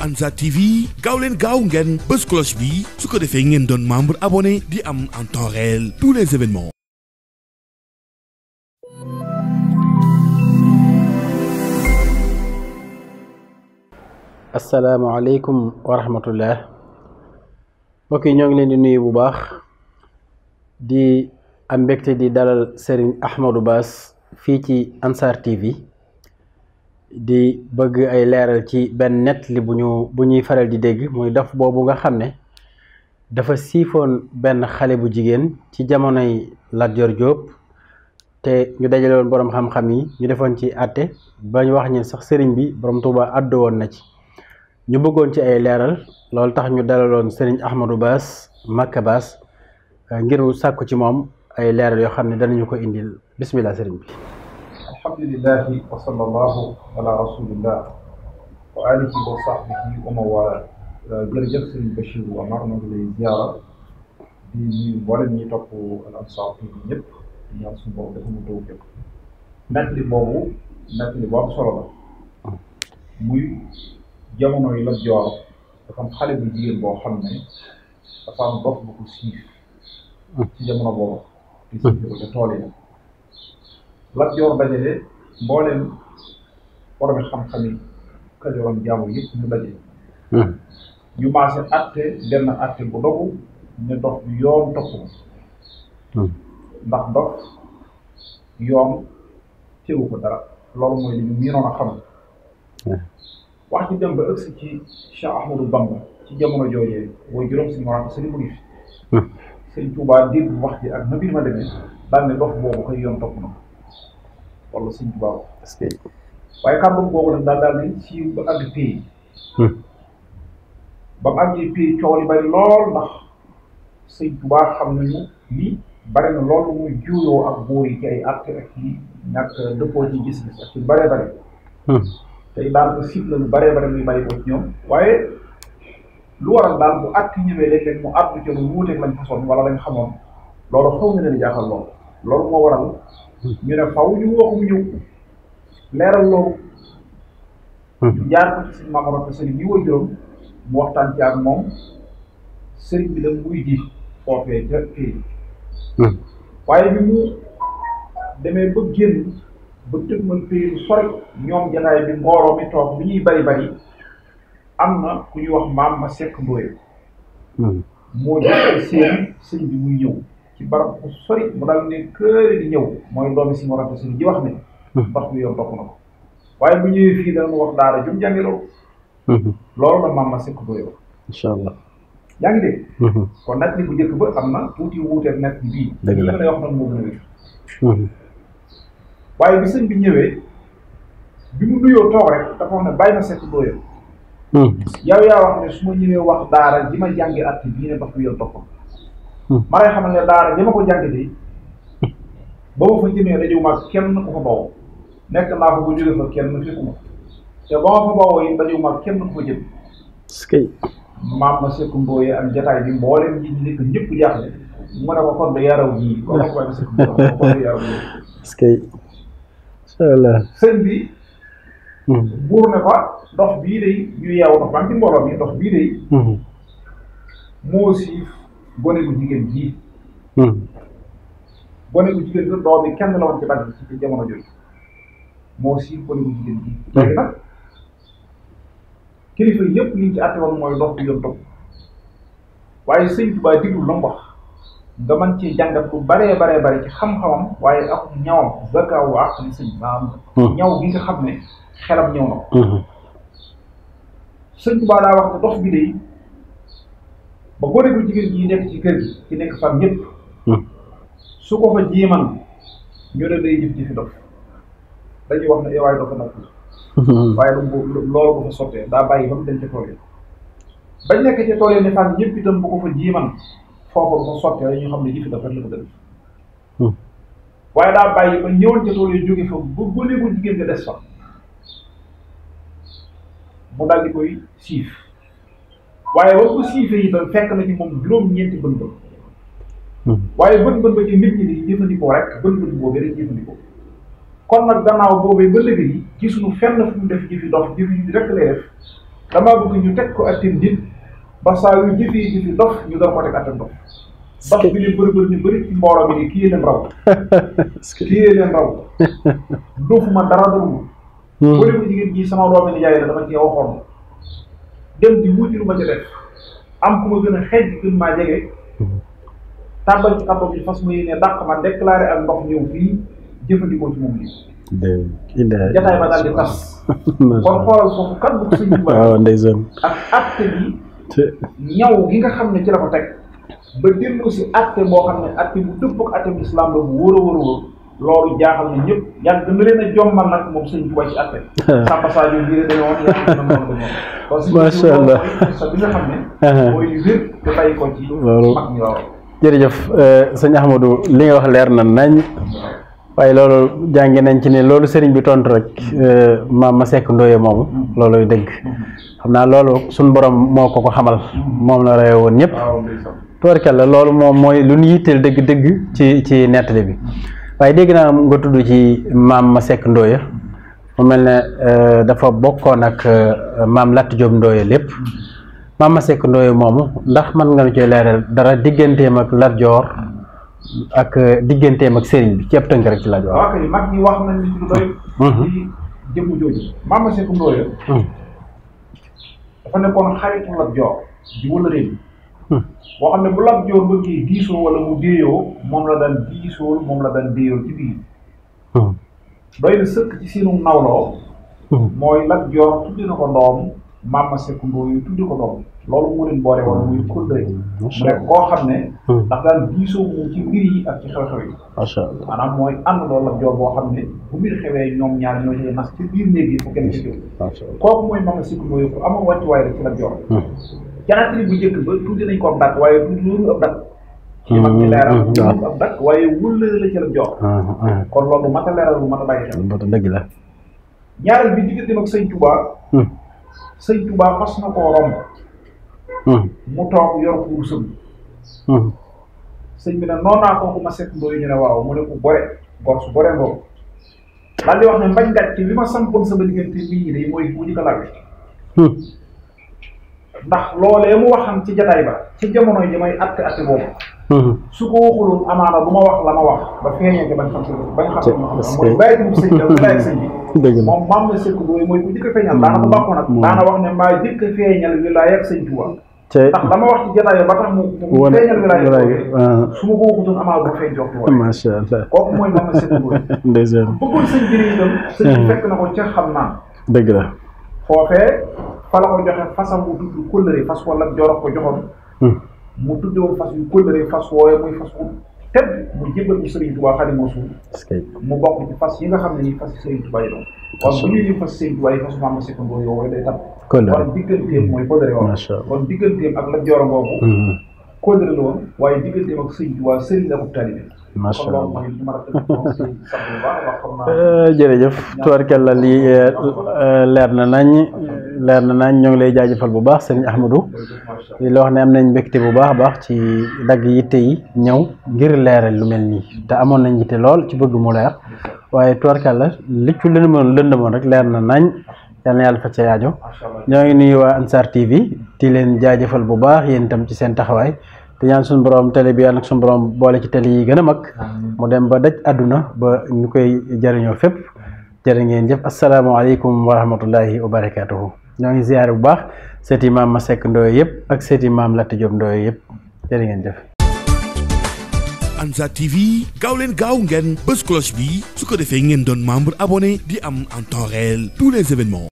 Ansar TV gaaw leen gaaw ngeen bi su ko defee ngeen doon membre abonné di am en temps tous les événements. asalaamaaleykum wa rahmatullah yi ñoo ngi leen di nuyu bu baax di am mbégte di dalal Serigne Ahmadou baas fii ci Ansar TV. di bëgg ay leeral ci ben net li buñu bu faral di dégg moy daf bobu nga xamné dafa sifon khalibu xalé bu jigen ci jamonoy Lat Joor Jóob te ñu dajalé won borom xam-xam yi ñu defon ci atté bañ wax ñi sax sëriñ bi borom Tuuba addo won na ci ñu bëggoon ci ay leeral lool tax ñu dalaloon sëriñ Ahmadou bass Makka bass ngir sakku ci mom ay leeral yo xamné dañ ñu ko indil bismillah sëriñ bi الحمد لله وصلى الله على رسول الله وآله وصحبه وموالاه آه، جل جلس البشير وأمرنا بالزيارة دي ولم يتقوا الأنصار في النب يا رسول الله لهم توفيق نحن بابو نحن باب صلى الله مي جمعنا إلى الجوار فكم خالي بجير بو حمي فكم ضف بكو سيف سيجمنا أه. بابو في سيجمنا بابو Lat Joor dajale mbooleem borom xam-xam yi Kajooram jaamu yëpp mu dajale. Hmm. ñu maase àtte benn àtte bu dogu ne dox yoon topp ko. Hmm. dox yoon teewu ko dara loolu mooy li ñu miinoon a xam. Hmm. wax ci dem ba ëgsi ci Cheikh Ahmadou Bamba ci jamono joojee booy juróom si morom sëriñ mu ngi fi. sëriñ Tuubaa dégg wax ji ak na biir ma demee daan ne dox boobu koy yoon topp na wala sëñ Tuubaa wax waaye kàddu googu nag daal daal nañ siiw ba àgg pay hmm. ba mu àggee pay coow li bari lool ndax sëñ Tuubaa xam nañu ni bari na loolu muy juuyoo ak buur yi ci ay ak yi dëppoo ci gis ak ci bare bare hmm. tey daal ko sib la lu bare bare muy bàyyi ko ci ñoom waaye lu waral daal bu àtt ñëwee léeg mu àtt ca lu wuuteeg lañ façon wala lañ xamoon loolu xaw na leen lool loolu moo waral ñu ne faw ñu wax mu ñëw leeral loolu hmm. jaar ko ci ma ko rokk sëriñ bi wo juróom mu waxtaan ci ak mom sëriñ bi da muy di fofé ca kii hmm. waaye bi mu démé ba génn ba tëg man pays lu sore ñoom jataay bi mboro mi tok li ñuy bari bari amna ku ñu wax maam ma sekk ndóoye hmm. moo jël seen sëñ bi muy ñëw ci barab bu sori mu dal ne këri di ñëw mooy doomi si morante suñu di wax ne ndox mi yoon topp na ko waaye bu ñëwee fii dana mu wax daara jum jàngi loolu loolu la insha allah yaa ngi dégg kon nag ni bu njëkk ba am na tuuti wuuteeg nag bi bii dëgg la lay wax nag moo gën a wér waaye bi sëñ bi ñëwee bi mu nuyoo toog rek dafa wax ne bàyyi ma wax ne su ma wax daara at ne ndox mi yoon Hmm. ma lay xamal daara ji ma ko jàng di ba ma fa jëmee rajo ma kenn ku fa bawoo nekk naa ko bu jóge fa kenn fekkuma te ba ma fa bawoo yi rajo ma kenn ku fa jëm. skay maam ma sekk mbooyee ak jataay bi mboolem ñi nekk ñëpp jaaxle mu ne ko kon da ko ma sekk mbooyee kon da yaraw ñii. Hmm. buur ne fa dox bii de ñu yeewu dox ba ci mbooloo mi dox bii de. Hmm. moo gone gu jigéen ji. Hmm. gone gu jigéen ji doom bi kenn la woon ci bànq ci jamono jooju moo siif gone gu jigéen ji. Hmm. léegi nag kilifa yëpp liñ ci mooy dox bi yoon topp waaye sëñ Tuubaa diglu la mu nga mën cee jàngat bu bare baree bare ci xam-xamam waaye ak ñaw zakaaw wa ak ni sëñ maanaam. ñaw gi nga xam ne xelam ñëw na. Hmm. sëñ daa wax ne dox bi de. ba góor gu jigéen ji nekk ci kër gi ci nekk fam ñëpp hmm. su ko fa jiiman ñu ne day jëf ci dof dañuy wax ne hmm. waaye dofa nag waaye loolu ko sottee daa bàyyi ba mu dem ca tool ne fam ñëpp hmm. daa bàyyi ba ñëwoon ca jóge fa ba góor gu jigéen nga des fa mu daal koy siif waaye wax ko siifee itam fekk na ci moom juróom-ñeenti bën-bën. waaye bën-bën ba nit ñi dañuy jëfandikoo rek bën-bën boobee dañuy jëfandikoo. kon nag gannaaw boobee ba léegi nii gisuñu fenn fu mu def jëfi dof jëfi rek lay def damaa bëgg ñu teg ko attin nit ba saa yu jëfee jëfi dof ñu doon ko teg attin dof. dof bi ne bëri bëri ñu bëri ci mbooloo bi ni kii yee leen raw. kii yee leen raw. doofu ma dara dugg. bu dee ko jigéen ñi sama doomi ni yaay la dama cee dem di wuti lu ma ca def am ku gëna gën a xej gën maa jege tàbbal ci xabam ci fas ma yéene dakk ma déclarer ak ndox ñëw fii jëfandikoo ci moom lii jataay ba daal di tas kon xoolal foofu kan bu suñu ba waaw ndeysaan ak acte bi ñaw gi nga ci la ko ba si acte boo xam acte bu dëpp ak acte islam bu loolu jaaxal na ñëpp yàlla dana leen euh, li nga wax leer na nañ waaye loolu jàngi nañ ci ne loolu sëriñ bi tontu rek euh, maam ma sekk ndoye moomu mm-hmm. looluy dëgg mm-hmm. xam naa loolu suñ borom moo ko ko xamal mm-hmm. moom la rewe woon ñëpp tubarkalla loolu moom mooy lu ñu yitteel dëgg-dëgg ci ci nettali bi waaye dégg naa nga tudd ci maam ma sekk ndooya mu mel ne euh, dafa bokkoon ak euh, maam Lat Joob ndooya lépp maam ma sekk ndooya moomu ndax mën nga nu ci leeral dara digganteem ak Lat Joor ak euh, digganteem ak sëriñ bi ci ab tënk rek ci Lat Joor Hmm. boo xam ne bu Lat Joor bëggee diisoo wala mu déeyoo moom la daan diisoo moom la daan déeyoo ci biir. Hmm. doy na sëkk ci seenu nawloo. Hmm. mooy Lat Joor na ko ndoom maam ma sekk mbooyu tuddi ko ndoom loolu moo leen boole woon muy kóllëre. macha allah koo xam ne. ndax daan diisoo moom ci mbir yi ak ci xew-xew yi. macha allah maanaam mooy ànd loolu Lat boo xam ne bu mbir xewee ñoom ñaar ñoo cee nas ci biir néeg yi fu kenn ci jóg. kooku mooy maam ma sekk mbooyu ku amoon wàccuwaay rek caatri bu njëkk ba tuuti nañ ko am dakk waaye du lu ab dakk ci mag ci leeral lu ab dakk waaye wëll la ci la jox kon loolu mat a leeral bu mat a bàyyi xel mat a dëgg la ñaaral bi diggante nag sëñ Touba sëñ Touba mas na koo romb mu toog yor sëñ bi ne naa ko ku ma ñu ne waaw mu ne ko bore gor su bore ngoo daal di wax ne mbañ gàcc ma sampoon sama diggante nit ñi day mooy ko ndax loolee mu ci jataay ba ci jamono ji may atte atte boobu. Mhm. su amaana bu wax la ma wax ba feeñee ci bañ xam si bañ xam si ma xam mooy bàyyi mu sëñ bi bàyyi sëñ bi. Mm-hmm. Mm-hmm. wax ne maa jëkk feeñal wilaaya ak sëñ Tuubaa wax ci jotaay ba tax mu. wane wane uh-huh. su ma ko waxutoon amaa ba uh-huh. fekk na ko ca xam naa. dëgg la. fa la ko joxe fasam mu tudd kóllëre fas wala joro ko joxoon. Hmm. mu tuddoo fas yu kóllëre fas wooye muy fas wu tedd mu jébbal mu Serigne mu bokk ci fas yi nga xam ne nii fas fas Serigne Touba fas maa ma la joro boobu. Hmm, hmm. kóllëre la woon waaye la eh, lii eh, leer na nañ leer na nañ ñoo ngi lay jaajëfal bu baax serigne Ahmadou li la wax ne am nañ mbekté bu baax baax ci dag yitte yi ñew ngir leeral lu melni nii amon nañ yité lool ci bëgg mu leer waaye tuwarkàlla li ci leen moon leen moon rek leer na nañ yalla yalla fa ci yaajo ñoo ngi nuyu Ansar TV di leen jaajëfal bu baax yeen tam ci seen taxaway te ñaan suñu borom télé bi yàlla suñu borom boole ci télé yi gëna mak mu dem ba daj aduna ba ñukay koy fep fépp ngeen jëf asalaamaaleykum wa ñoo ngi ziyaare bu baax seeti maam ma sekk Ndoye yëpp ak seeti maam Lat Diop Ndoye yëpp jërë ngeen jëf. TV gaaw leen gaaw ngeen bës cloche bi su ko defee ngeen doon membre abonné di am en temps réel tous les événements